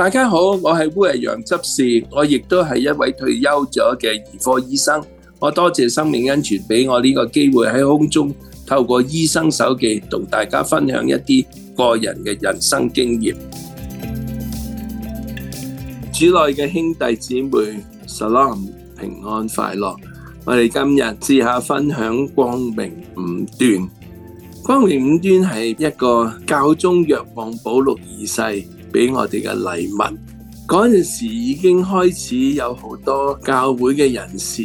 大家好，我係烏日陽執事，我亦都係一位退休咗嘅兒科醫生。我多謝生命恩泉俾我呢個機會喺空中透過醫生手記同大家分享一啲個人嘅人生經驗。主內嘅兄弟姊妹，Salam 平安快樂。我哋今日試下分享光明五端，光明五端係一個教宗若望保祿二世俾我哋嘅禮物，嗰陣時已經開始有好多教會嘅人士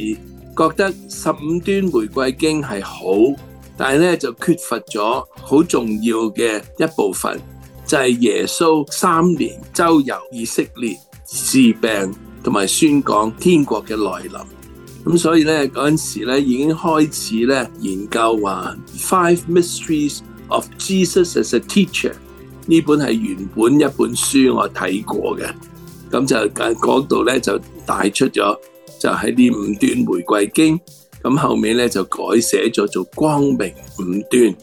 覺得十五端玫瑰經係好，但係咧就缺乏咗好重要嘅一部分，就係耶穌三年周遊以色列治病同埋宣講天國嘅來臨。咁所以咧嗰陣時咧已經開始咧研究話 Five Mysteries of Jesus as a Teacher。呢本係原本一本書，我睇過嘅，咁就講到咧就帶出咗，就喺呢五端玫瑰經，咁後面咧就改寫咗做光明五端。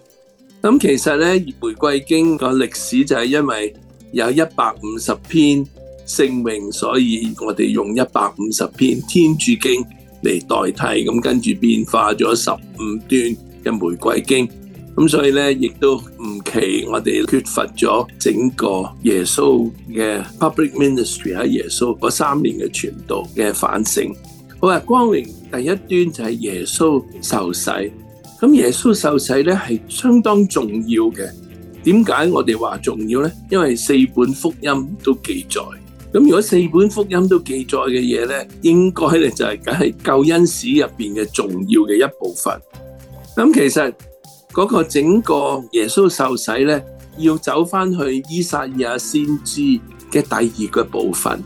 咁其實咧玫瑰經個歷史就係因為有一百五十篇聖詠，所以我哋用一百五十篇天主經嚟代替，咁跟住變化咗十五端嘅玫瑰經。咁所以咧，亦都唔奇我哋缺乏咗整個耶穌嘅 public ministry 喺耶穌嗰三年嘅傳道嘅反省。好喇，光明第一端就係耶穌受洗。咁耶穌受洗咧係相當重要嘅。點解我哋話重要咧？因為四本福音都記載。咁如果四本福音都記載嘅嘢咧，應該咧就係梗係救恩史入邊嘅重要嘅一部分。咁其實，嗰、那個整個耶穌受洗咧，要走翻去《依撒意亞》先知嘅第二個部分。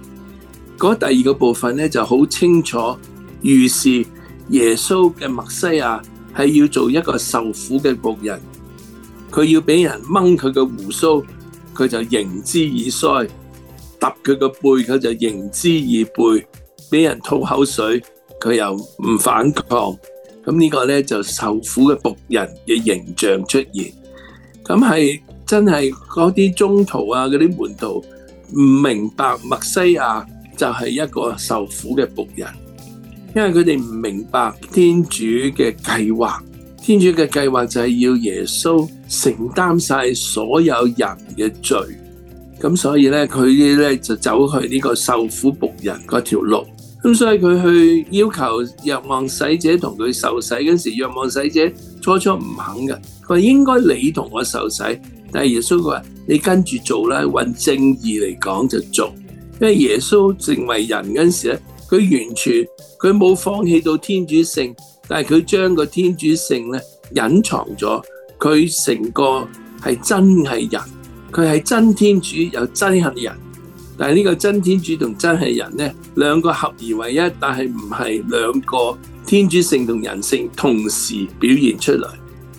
嗰第二個部分咧就好清楚，預示耶穌嘅默西亞係要做一個受苦嘅僕人。佢要俾人掹佢嘅鬍鬚，佢就迎之而衰；揼佢個背，佢就迎之而背。俾人吐口水，佢又唔反抗。咁呢個咧就受苦嘅僕人嘅形象出現，咁係真係嗰啲中途啊嗰啲門徒唔明白，默西亞就係一個受苦嘅僕人，因為佢哋唔明白天主嘅計劃，天主嘅計劃就係要耶穌承擔晒所有人嘅罪，咁所以咧佢咧就走去呢個受苦僕人嗰條路。咁所以佢去要求若望洗者同佢受洗陣時候，若望洗者初初唔肯嘅，佢話應該你同我受洗。但係耶穌佢話，你跟住做啦，按正義嚟講就做。因為耶穌成為人陣時咧，佢完全佢冇放棄到天主性，但係佢將個天主性咧隱藏咗。佢成個係真係人，佢係真天主又真係人。但係呢個真天主同真係人呢，兩個合而為一，但係唔係兩個天主性同人性同時表現出來。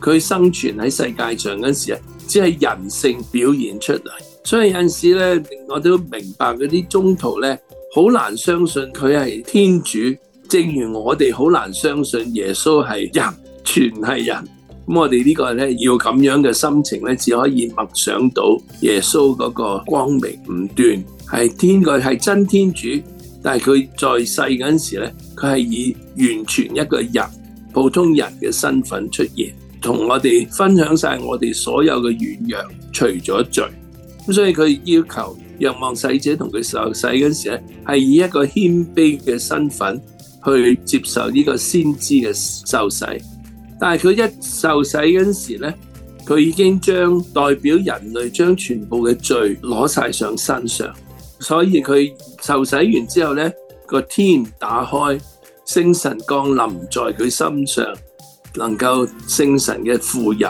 佢生存喺世界上嗰時啊，只係人性表現出嚟。所以有陣時呢，我都明白嗰啲中途呢，好難相信佢係天主。正如我哋好難相信耶穌係人，全係人。咁我哋呢個呢，要咁樣嘅心情呢，只可以默想到耶穌嗰個光明五端。係天，佢係真天主，但係佢在世嗰陣時咧，佢係以完全一個人，普通人嘅身份出現，同我哋分享晒我哋所有嘅軟弱，除咗罪。咁所以佢要求若望洗者同佢受洗嗰時咧，係以一個謙卑嘅身份去接受呢個先知嘅受洗。但係佢一受洗嗰陣時咧，佢已經將代表人類，將全部嘅罪攞晒上身上。所以佢受洗完之後咧，個天打開，聖神降臨在佢身上，能夠聖神嘅富有，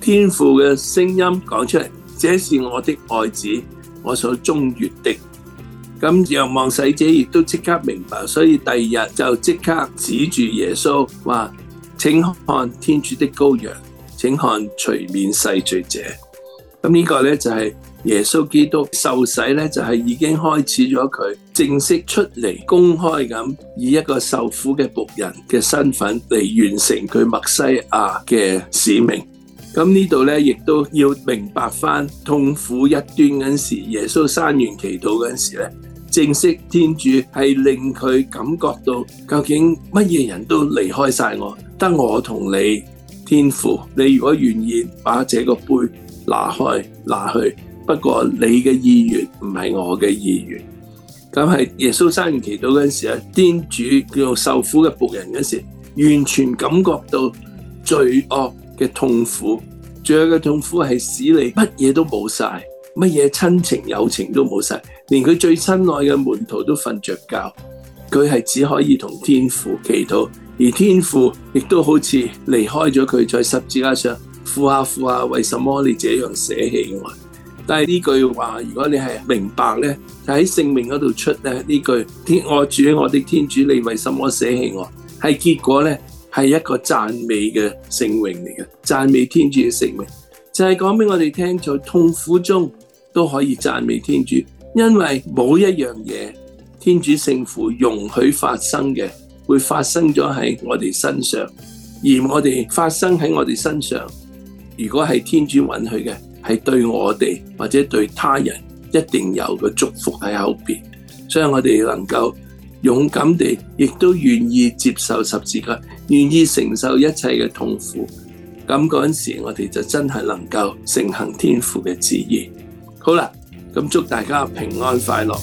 天父嘅聲音講出嚟，這是我的愛子，我所鍾悅的。咁若翰洗者亦都即刻明白，所以第二日就即刻指住耶穌話，請看天主的羔羊，請看除免世罪者。咁呢個咧就係、是。耶穌基督受洗咧，就係已經開始咗佢正式出嚟公開咁，以一個受苦嘅僕人嘅身份嚟完成佢默西亞嘅使命。咁呢度咧，亦都要明白返痛苦一端嗰陣時，耶穌山園祈禱嗰陣時咧，正式天主係令佢感覺到，究竟乜嘢人都離開晒我，得我同你天父。你如果願意把這個杯拿開拿去。不過你嘅意願唔係我嘅意願，咁係耶穌生前祈禱嗰陣時啊，天主叫受苦嘅僕人嗰時候，完全感覺到罪惡嘅痛苦，罪惡嘅痛苦係使你乜嘢都冇晒，乜嘢親情友情都冇晒。連佢最親愛嘅門徒都瞓着覺，佢係只可以同天父祈禱，而天父亦都好似離開咗佢，在十字架上，父啊父啊，為什麼你這樣捨棄我？但係呢句話，如果你係明白咧，就喺聖名嗰度出咧呢句天我主我的天主，你為什麼捨棄我？係結果咧，係一個讚美嘅聖名嚟嘅，讚美天主嘅聖名，就係講俾我哋聽，在痛苦中都可以讚美天主，因為冇一樣嘢天主聖父容許發生嘅，會發生咗喺我哋身上，而我哋發生喺我哋身上，如果係天主允許嘅。係對我哋或者對他人一定有個祝福喺後面，所以我哋能夠勇敢地，亦都願意接受十字架，願意承受一切嘅痛苦。咁嗰陣時，我哋就真係能夠承行天父嘅旨意。好啦，咁祝大家平安快樂，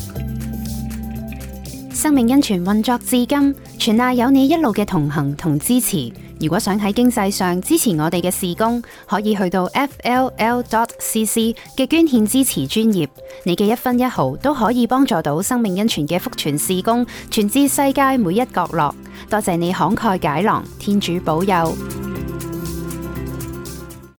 生命恩泉運作至今，全賴有你一路嘅同行同支持。如果想喺經濟上支持我哋嘅事工，可以去到 fll.cc 嘅捐獻支持專頁，你嘅一分一毫都可以幫助到生命恩泉嘅福傳事工，傳至世界每一角落。多謝你慷慨解囊，天主保佑。